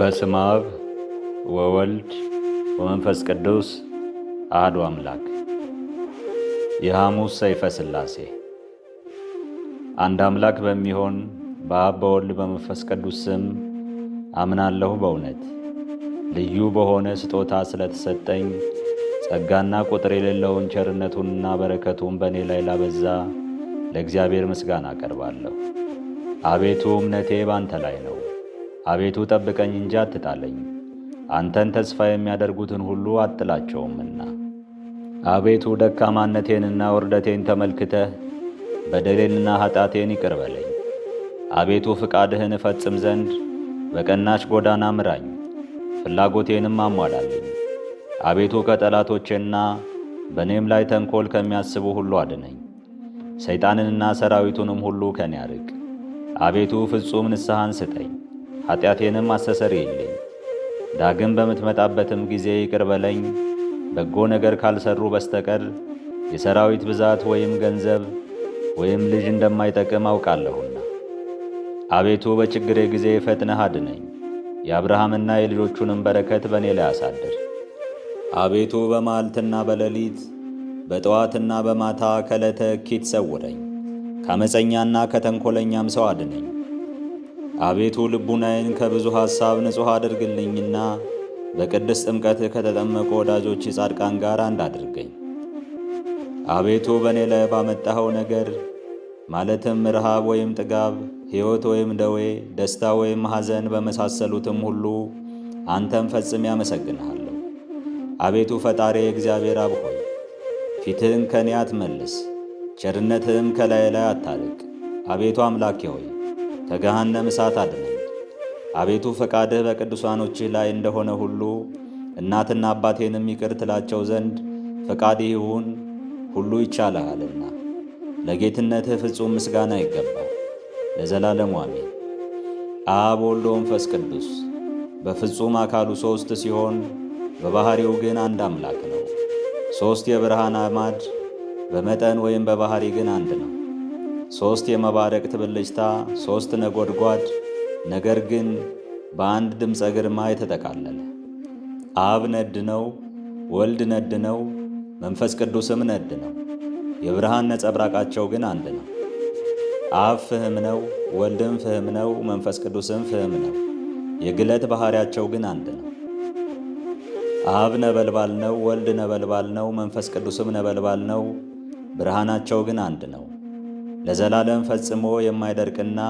በስመ አብ ወወልድ ወመንፈስ ቅዱስ አሐዱ አምላክ። የሐሙስ ሰይፈ ሥላሴ አንድ አምላክ በሚሆን በአብ በወልድ በመንፈስ ቅዱስ ስም አምናለሁ። በእውነት ልዩ በሆነ ስጦታ ስለተሰጠኝ ጸጋና ቁጥር የሌለውን ቸርነቱንና በረከቱን በእኔ ላይ ላበዛ ለእግዚአብሔር ምስጋና አቀርባለሁ። አቤቱ እምነቴ ባንተ ላይ ነው። አቤቱ ጠብቀኝ እንጂ አትጣለኝ፣ አንተን ተስፋ የሚያደርጉትን ሁሉ አትላቸውምና። አቤቱ ደካማነቴንና ውርደቴን ተመልክተህ በደሌንና ኃጢአቴን ይቅርበለኝ። አቤቱ ፍቃድህን እፈጽም ዘንድ በቀናች ጎዳና ምራኝ፣ ፍላጎቴንም አሟላለኝ። አቤቱ ከጠላቶቼና በእኔም ላይ ተንኮል ከሚያስቡ ሁሉ አድነኝ። ሰይጣንንና ሰራዊቱንም ሁሉ ከኔ አርቅ። አቤቱ ፍጹም ንስሐን ስጠኝ። ኃጢአቴንም አስተሰርይልኝ። ዳግም በምትመጣበትም ጊዜ ይቅር በለኝ። በጎ ነገር ካልሰሩ በስተቀር የሰራዊት ብዛት ወይም ገንዘብ ወይም ልጅ እንደማይጠቅም አውቃለሁና። አቤቱ በችግሬ ጊዜ ፈጥነህ አድነኝ። የአብርሃምና የልጆቹንም በረከት በእኔ ላይ አሳድር። አቤቱ በማልትና በሌሊት በጠዋትና በማታ ከለተ ኪት ሰውረኝ። ከአመፀኛና ከተንኮለኛም ሰው አድነኝ። አቤቱ ልቡናዬን ከብዙ ሐሳብ ንጹሕ አድርግልኝና በቅድስት ጥምቀትህ ከተጠመቁ ወዳጆች ጻድቃን ጋር አንድ አድርገኝ። አቤቱ በእኔ ላይ ባመጣኸው ነገር ማለትም ርሃብ ወይም ጥጋብ፣ ሕይወት ወይም ደዌ፣ ደስታ ወይም ሐዘን በመሳሰሉትም ሁሉ አንተም ፈጽሜ አመሰግንሃለሁ። አቤቱ ፈጣሪ እግዚአብሔር አብ ሆይ ፊትህን ከእኔ አትመልስ፣ ቸርነትህም ከላይ ላይ አታርቅ። አቤቱ አምላኬ ሆይ ከገሃነም እሳት አድነኝ። አቤቱ ፈቃድህ በቅዱሳኖችህ ላይ እንደሆነ ሁሉ እናትና አባቴንም ይቅር ትላቸው ዘንድ ፈቃድህ ይሁን፣ ሁሉ ይቻልሃልና። ለጌትነትህ ፍጹም ምስጋና ይገባል ለዘላለሙ አሜን። አብ ወልድ ወመንፈስ ቅዱስ በፍጹም አካሉ ሦስት ሲሆን በባሕሪው ግን አንድ አምላክ ነው። ሦስት የብርሃን አማድ በመጠን ወይም በባሕሪ ግን አንድ ነው። ሦስት የመባረቅ ትብልጭታ፣ ሦስት ነጎድጓድ፣ ነገር ግን በአንድ ድምፀ ግርማ የተጠቃለለ አብ ነድ ነው፣ ወልድ ነድ ነው፣ መንፈስ ቅዱስም ነድ ነው። የብርሃን ነጸብራቃቸው ግን አንድ ነው። አብ ፍህም ነው፣ ወልድም ፍህም ነው፣ መንፈስ ቅዱስም ፍህም ነው። የግለት ባሕሪያቸው ግን አንድ ነው። አብ ነበልባል ነው፣ ወልድ ነበልባል ነው፣ መንፈስ ቅዱስም ነበልባል ነው። ብርሃናቸው ግን አንድ ነው። ለዘላለም ፈጽሞ የማይደርቅና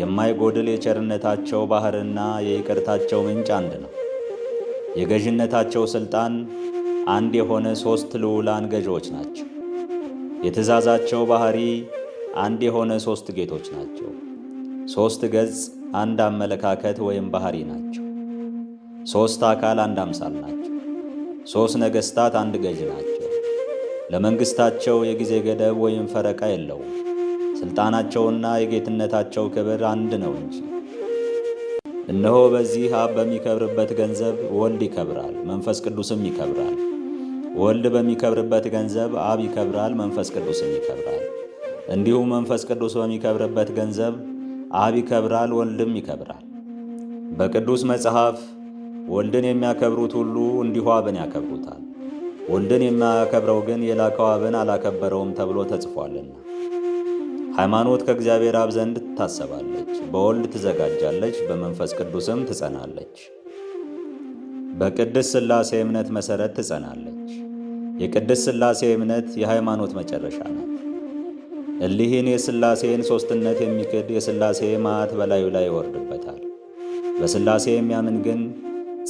የማይጎድል የቸርነታቸው ባሕርና የይቅርታቸው ምንጭ አንድ ነው። የገዥነታቸው ሥልጣን አንድ የሆነ ሦስት ልዑላን ገዢዎች ናቸው። የትእዛዛቸው ባሕሪ አንድ የሆነ ሦስት ጌቶች ናቸው። ሦስት ገጽ አንድ አመለካከት ወይም ባሕሪ ናቸው። ሦስት አካል አንድ አምሳል ናቸው። ሦስት ነገሥታት አንድ ገዢ ናቸው። ለመንግሥታቸው የጊዜ ገደብ ወይም ፈረቃ የለውም። ሥልጣናቸውና የጌትነታቸው ክብር አንድ ነው እንጂ። እነሆ በዚህ አብ በሚከብርበት ገንዘብ ወልድ ይከብራል፣ መንፈስ ቅዱስም ይከብራል። ወልድ በሚከብርበት ገንዘብ አብ ይከብራል፣ መንፈስ ቅዱስም ይከብራል። እንዲሁም መንፈስ ቅዱስ በሚከብርበት ገንዘብ አብ ይከብራል፣ ወልድም ይከብራል። በቅዱስ መጽሐፍ ወልድን የሚያከብሩት ሁሉ እንዲሁ አብን ያከብሩታል፣ ወልድን የማያከብረው ግን የላከው አብን አላከበረውም ተብሎ ተጽፏልና ሃይማኖት ከእግዚአብሔር አብ ዘንድ ትታሰባለች፣ በወልድ ትዘጋጃለች፣ በመንፈስ ቅዱስም ትጸናለች። በቅድስት ሥላሴ እምነት መሠረት ትጸናለች። የቅድስት ሥላሴ እምነት የሃይማኖት መጨረሻ ነው። እሊህን የሥላሴን ሦስትነት የሚክድ የሥላሴ መዓት በላዩ ላይ ይወርድበታል። በሥላሴ የሚያምን ግን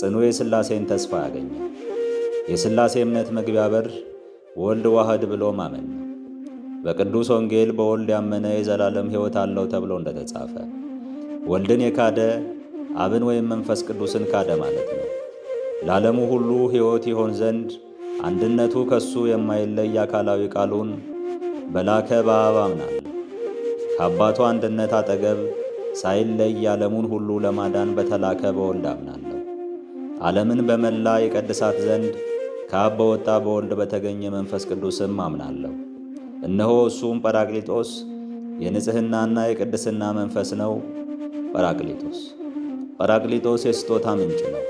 ጽኑ የሥላሴን ተስፋ ያገኛል። የሥላሴ እምነት መግቢያ በር ወልድ ዋህድ ብሎ ማመን ነው። በቅዱስ ወንጌል በወልድ ያመነ የዘላለም ሕይወት አለው ተብሎ እንደተጻፈ ወልድን የካደ አብን ወይም መንፈስ ቅዱስን ካደ ማለት ነው። ለዓለሙ ሁሉ ሕይወት ይሆን ዘንድ አንድነቱ ከሱ የማይለይ አካላዊ ቃሉን በላከ በአብ አምናል። ከአባቱ አንድነት አጠገብ ሳይለይ ዓለሙን ሁሉ ለማዳን በተላከ በወልድ አምናለሁ። ዓለምን በመላ የቀድሳት ዘንድ ከአብ በወጣ በወልድ በተገኘ መንፈስ ቅዱስም አምናለሁ። እነሆ እሱም ጰራቅሊጦስ የንጽሕናና የቅድስና መንፈስ ነው። ጰራቅሊጦስ ጰራቅሊጦስ የስጦታ ምንጭ ነው።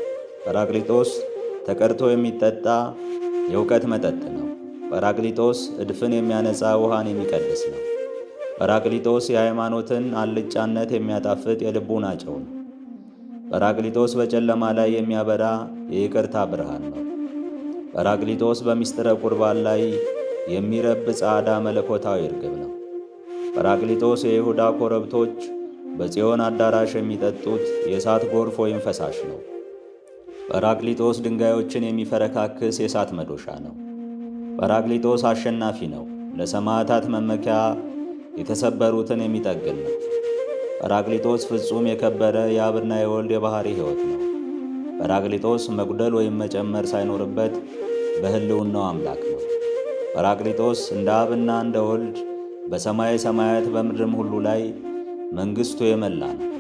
ጰራቅሊጦስ ተቀድቶ የሚጠጣ የእውቀት መጠጥ ነው። ጰራቅሊጦስ እድፍን የሚያነጻ ውሃን የሚቀድስ ነው። ጰራቅሊጦስ የሃይማኖትን አልጫነት የሚያጣፍጥ የልቡን ናጨው ነው። ጰራቅሊጦስ በጨለማ ላይ የሚያበራ የይቅርታ ብርሃን ነው። ጰራቅሊጦስ በምስጢረ ቁርባን ላይ የሚረብ ጻዳ መለኮታዊ እርግብ ነው። ጰራቅሊጦስ የይሁዳ ኮረብቶች በጽዮን አዳራሽ የሚጠጡት የእሳት ጎርፍ ወይም ፈሳሽ ነው። ጰራቅሊጦስ ድንጋዮችን የሚፈረካክስ የእሳት መዶሻ ነው። ጰራቅሊጦስ አሸናፊ ነው። ለሰማዕታት መመኪያ የተሰበሩትን የሚጠግን ነው። ጰራቅሊጦስ ፍጹም የከበረ የአብና የወልድ የባሕሪ ሕይወት ነው። ጰራቅሊጦስ መጉደል ወይም መጨመር ሳይኖርበት በሕልውናው አምላክ ነው። ጰራቅሊጦስ እንደ አብና እንደ ወልድ በሰማይ ሰማያት በምድርም ሁሉ ላይ መንግሥቱ የመላ ነው።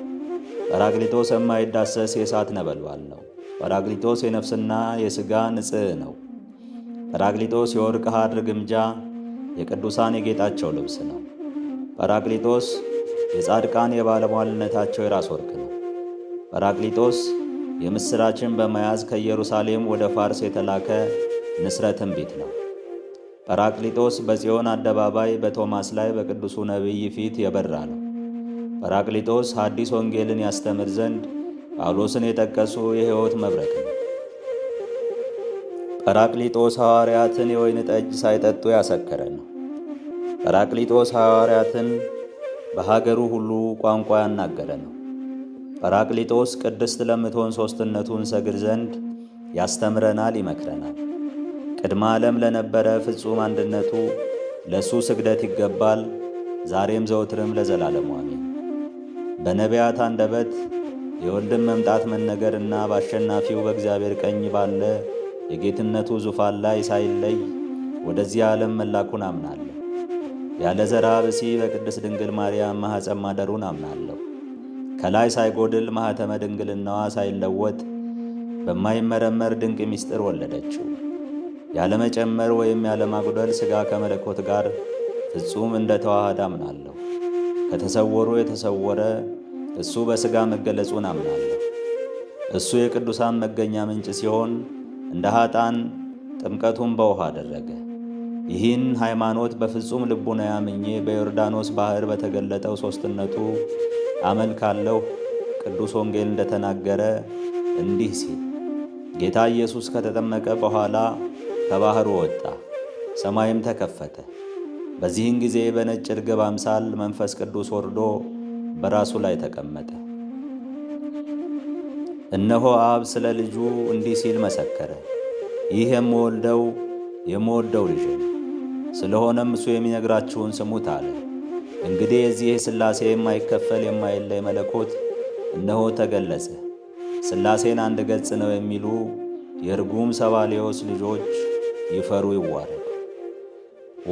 ጰራቅሊጦስ የማይዳሰስ የእሳት ነበልባል ነው። ጰራቅሊጦስ የነፍስና የሥጋ ንጽሕ ነው። ጰራቅሊጦስ የወርቅ ሐር ግምጃ፣ የቅዱሳን የጌጣቸው ልብስ ነው። ጰራቅሊጦስ የጻድቃን የባለሟልነታቸው የራስ ወርቅ ነው። ጰራቅሊጦስ የምሥራችን በመያዝ ከኢየሩሳሌም ወደ ፋርስ የተላከ ንስረ ትንቢት ነው። ጰራቅሊጦስ በጽዮን አደባባይ በቶማስ ላይ በቅዱሱ ነቢይ ፊት የበራ ነው። ጰራቅሊጦስ ሐዲስ ወንጌልን ያስተምር ዘንድ ጳውሎስን የጠቀሱ የሕይወት መብረቅ ነው። ጰራቅሊጦስ ሐዋርያትን የወይን ጠጅ ሳይጠጡ ያሰከረ ነው። ጰራቅሊጦስ ሐዋርያትን በሀገሩ ሁሉ ቋንቋ ያናገረ ነው። ጰራቅሊጦስ ቅድስት ለምትሆን ሦስትነቱን ሰግር ዘንድ ያስተምረናል፣ ይመክረናል። ቅድመ ዓለም ለነበረ ፍጹም አንድነቱ ለእሱ ስግደት ይገባል፣ ዛሬም ዘወትርም ለዘላለሙ አሜን። በነቢያት አንደበት የወልድን መምጣት መነገርና በአሸናፊው በእግዚአብሔር ቀኝ ባለ የጌትነቱ ዙፋን ላይ ሳይለይ ወደዚህ ዓለም መላኩን አምናለሁ። ያለ ዘራ ብሲ በቅድስት ድንግል ማርያም ማኅፀን ማደሩን አምናለሁ። ከላይ ሳይጎድል ማኅተመ ድንግልናዋ ሳይለወጥ በማይመረመር ድንቅ ምስጢር ወለደችው። ያለመጨመር ወይም ያለማጉደል ሥጋ ከመለኮት ጋር ፍጹም እንደ ተዋህደ አምናለሁ። ከተሰወሩ የተሰወረ እሱ በሥጋ መገለጹን አምናለሁ። እሱ የቅዱሳን መገኛ ምንጭ ሲሆን እንደ ኀጣን ጥምቀቱን በውሃ አደረገ። ይህን ሃይማኖት በፍጹም ልቡና ያምኜ በዮርዳኖስ ባሕር በተገለጠው ሦስትነቱ አመልካለሁ። ቅዱስ ወንጌል እንደተናገረ እንዲህ ሲል ጌታ ኢየሱስ ከተጠመቀ በኋላ ከባህሩ ወጣ፣ ሰማይም ተከፈተ። በዚህን ጊዜ በነጭ ርግብ አምሳል መንፈስ ቅዱስ ወርዶ በራሱ ላይ ተቀመጠ። እነሆ አብ ስለ ልጁ እንዲህ ሲል መሰከረ፣ ይህ የምወልደው የምወደው ልጅ ነው። ስለሆነም እሱ የሚነግራችሁን ስሙት አለ። እንግዲህ የዚህ ሥላሴ የማይከፈል የማይለይ መለኮት እነሆ ተገለጸ። ሥላሴን አንድ ገጽ ነው የሚሉ የርጉም ሰባሌዎስ ልጆች ይፈሩ ይዋረዱ።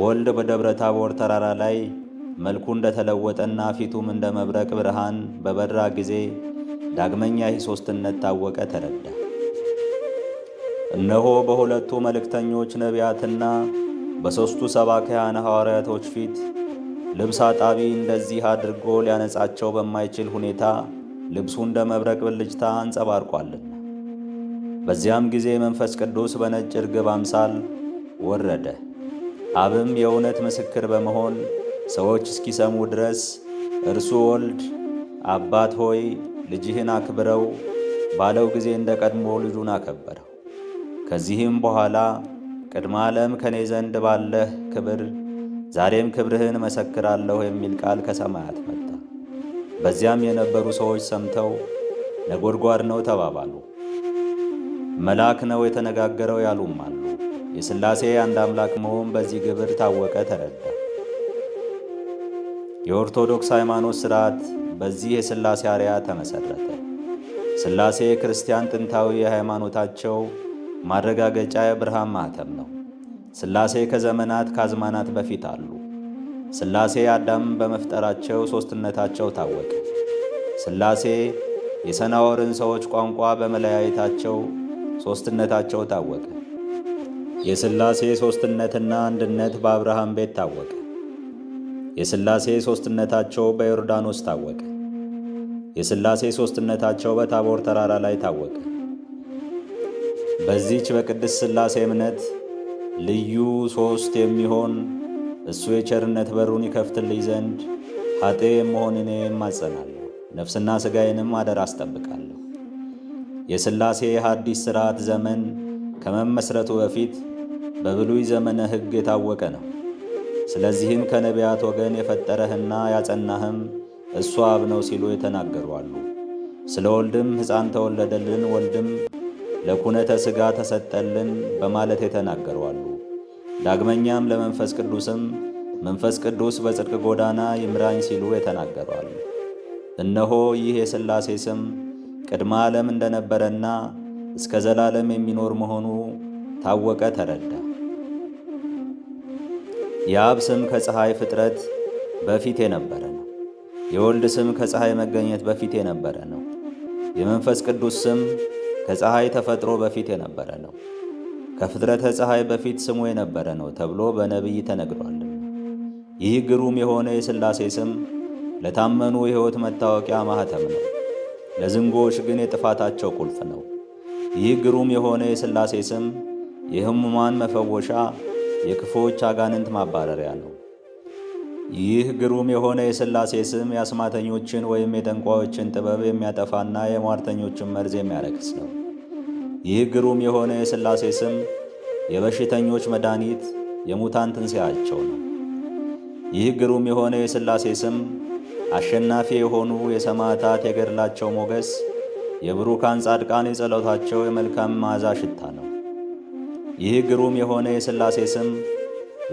ወልድ በደብረ ታቦር ተራራ ላይ መልኩ እንደተለወጠና ፊቱም እንደ መብረቅ ብርሃን በበራ ጊዜ ዳግመኛ ይህ ሦስትነት ታወቀ ተረዳ። እነሆ በሁለቱ መልእክተኞች ነቢያትና በሦስቱ ሰባክያን ሐዋርያቶች ፊት ልብስ አጣቢ እንደዚህ አድርጎ ሊያነጻቸው በማይችል ሁኔታ ልብሱ እንደ መብረቅ ብልጭታ አንጸባርቋለን። በዚያም ጊዜ መንፈስ ቅዱስ በነጭ ርግብ አምሳል ወረደ። አብም የእውነት ምስክር በመሆን ሰዎች እስኪሰሙ ድረስ እርሱ ወልድ አባት ሆይ ልጅህን አክብረው ባለው ጊዜ እንደ ቀድሞ ልጁን አከበረው። ከዚህም በኋላ ቅድመ ዓለም ከኔ ዘንድ ባለህ ክብር ዛሬም ክብርህን መሰክራለሁ የሚል ቃል ከሰማያት መጣ። በዚያም የነበሩ ሰዎች ሰምተው ነጎድጓድ ነው ተባባሉ። መልአክ ነው የተነጋገረው ያሉም አሉ። የሥላሴ አንድ አምላክ መሆን በዚህ ግብር ታወቀ፣ ተረዳ። የኦርቶዶክስ ሃይማኖት ሥርዓት በዚህ የሥላሴ አርያ ተመሠረተ። ሥላሴ ክርስቲያን ጥንታዊ የሃይማኖታቸው ማረጋገጫ የብርሃን ማኅተም ነው። ሥላሴ ከዘመናት ከአዝማናት በፊት አሉ። ሥላሴ አዳም በመፍጠራቸው ሦስትነታቸው ታወቀ። ሥላሴ የሰናወርን ሰዎች ቋንቋ በመለያየታቸው ሦስትነታቸው ታወቀ። የሥላሴ ሦስትነትና አንድነት በአብርሃም ቤት ታወቀ። የሥላሴ ሦስትነታቸው በዮርዳኖስ ታወቀ። የሥላሴ ሦስትነታቸው በታቦር ተራራ ላይ ታወቀ። በዚች በቅድስት ሥላሴ እምነት ልዩ ሦስት የሚሆን እሱ የቸርነት በሩን ይከፍትልኝ ዘንድ ኃጤ የመሆን እኔ እማጸናለሁ፣ ነፍስና ሥጋዬንም አደራ አስጠብቃለሁ። የሥላሴ ሐዲስ ሥርዓት ዘመን ከመመስረቱ በፊት በብሉይ ዘመነ ሕግ የታወቀ ነው። ስለዚህም ከነቢያት ወገን የፈጠረህና ያጸናህም እሱ አብ ነው ሲሉ የተናገሩ አሉ። ስለ ወልድም ሕፃን ተወለደልን፣ ወልድም ለኩነተ ሥጋ ተሰጠልን በማለት የተናገሩ አሉ። ዳግመኛም ለመንፈስ ቅዱስም መንፈስ ቅዱስ በጽድቅ ጎዳና ይምራኝ ሲሉ የተናገሩ አሉ። እነሆ ይህ የሥላሴ ስም ቅድመ ዓለም እንደነበረና እስከ ዘላለም የሚኖር መሆኑ ታወቀ፣ ተረዳ። የአብ ስም ከፀሐይ ፍጥረት በፊት የነበረ ነው። የወልድ ስም ከፀሐይ መገኘት በፊት የነበረ ነው። የመንፈስ ቅዱስ ስም ከፀሐይ ተፈጥሮ በፊት የነበረ ነው። ከፍጥረተ ፀሐይ በፊት ስሙ የነበረ ነው ተብሎ በነቢይ ተነግሯል። ይህ ግሩም የሆነ የሥላሴ ስም ለታመኑ የሕይወት መታወቂያ ማኅተም ነው። ለዝንጎዎች ግን የጥፋታቸው ቁልፍ ነው። ይህ ግሩም የሆነ የሥላሴ ስም የሕሙማን መፈወሻ፣ የክፉዎች አጋንንት ማባረሪያ ነው። ይህ ግሩም የሆነ የሥላሴ ስም የአስማተኞችን ወይም የጠንቋዮችን ጥበብ የሚያጠፋና የሟርተኞችን መርዝ የሚያረክስ ነው። ይህ ግሩም የሆነ የሥላሴ ስም የበሽተኞች መድኃኒት፣ የሙታን ትንሣኤያቸው ነው። ይህ ግሩም የሆነ የሥላሴ ስም አሸናፊ የሆኑ የሰማዕታት የገድላቸው ሞገስ፣ የብሩካን ጻድቃን የጸሎታቸው የመልካም መዓዛ ሽታ ነው። ይህ ግሩም የሆነ የሥላሴ ስም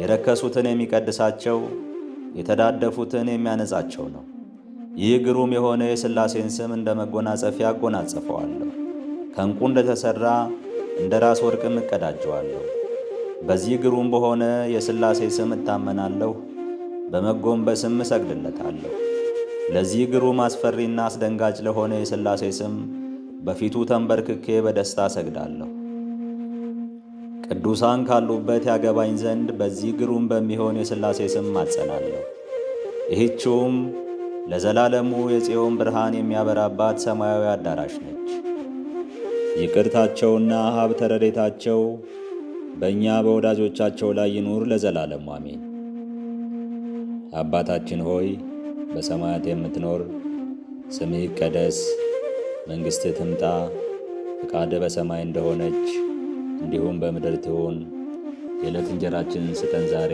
የረከሱትን የሚቀድሳቸው፣ የተዳደፉትን የሚያነጻቸው ነው። ይህ ግሩም የሆነ የሥላሴን ስም እንደ መጎናጸፊያ አጎናጸፈዋለሁ። ከእንቁ እንደተሠራ እንደ ራስ ወርቅም እቀዳጀዋለሁ። በዚህ ግሩም በሆነ የሥላሴ ስም እታመናለሁ፣ በመጎንበስም እሰግድለታለሁ። ለዚህ ግሩም አስፈሪና አስደንጋጭ ለሆነ የሥላሴ ስም በፊቱ ተንበርክኬ በደስታ ሰግዳለሁ። ቅዱሳን ካሉበት ያገባኝ ዘንድ በዚህ ግሩም በሚሆን የሥላሴ ስም አጸናለሁ። ይህችውም ለዘላለሙ የጽዮን ብርሃን የሚያበራባት ሰማያዊ አዳራሽ ነች። ይቅርታቸውና ሀብተ ረድኤታቸው በእኛ በወዳጆቻቸው ላይ ይኑር ለዘላለሙ አሜን። አባታችን ሆይ በሰማያት የምትኖር ስምህ ይቀደስ፣ መንግሥትህ ትምጣ፣ ፈቃድህ በሰማይ እንደሆነች እንዲሁም በምድር ትሁን። የዕለት እንጀራችንን ስጠን ዛሬ፣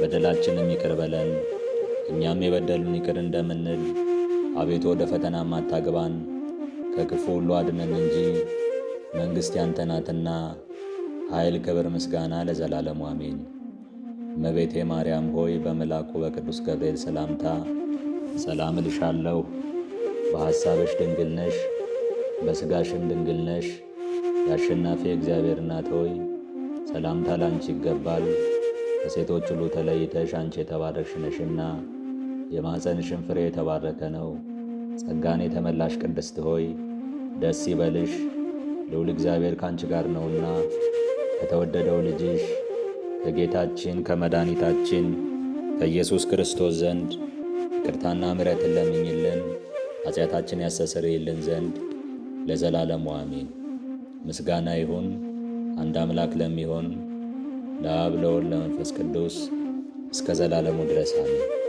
በደላችንም ይቅር በለን እኛም የበደሉን ይቅር እንደምንል፣ አቤቱ ወደ ፈተናም አታግባን፣ ከክፉ ሁሉ አድነን እንጂ መንግሥት ያንተ ናትና፣ ኃይል፣ ክብር፣ ምስጋና ለዘላለሙ አሜን። እመቤቴ ማርያም ሆይ በመልአኩ በቅዱስ ገብርኤል ሰላምታ ሰላም እልሻለሁ። በሐሳብሽ ድንግል ነሽ፣ በሥጋሽም ድንግል ነሽ። የአሸናፊ እግዚአብሔር እናት ሆይ ሰላምታ ላንቺ ይገባል። ከሴቶች ሁሉ ተለይተሽ አንቺ የተባረክሽ ነሽና የማኅፀንሽን ፍሬ የተባረከ ነው። ጸጋን የተመላሽ ቅድስት ሆይ ደስ ይበልሽ፣ ልዑል እግዚአብሔር ካንቺ ጋር ነውና ከተወደደው ልጅሽ ከጌታችን ከመድኃኒታችን ከኢየሱስ ክርስቶስ ዘንድ ይቅርታና ምሕረትን ለምኝልን ኃጢአታችን ያስተሰርይልን ዘንድ ለዘላለሙ አሜን። ምስጋና ይሁን አንድ አምላክ ለሚሆን ለአብ ለወልድ ለመንፈስ ቅዱስ እስከ ዘላለሙ ድረስ አሜን።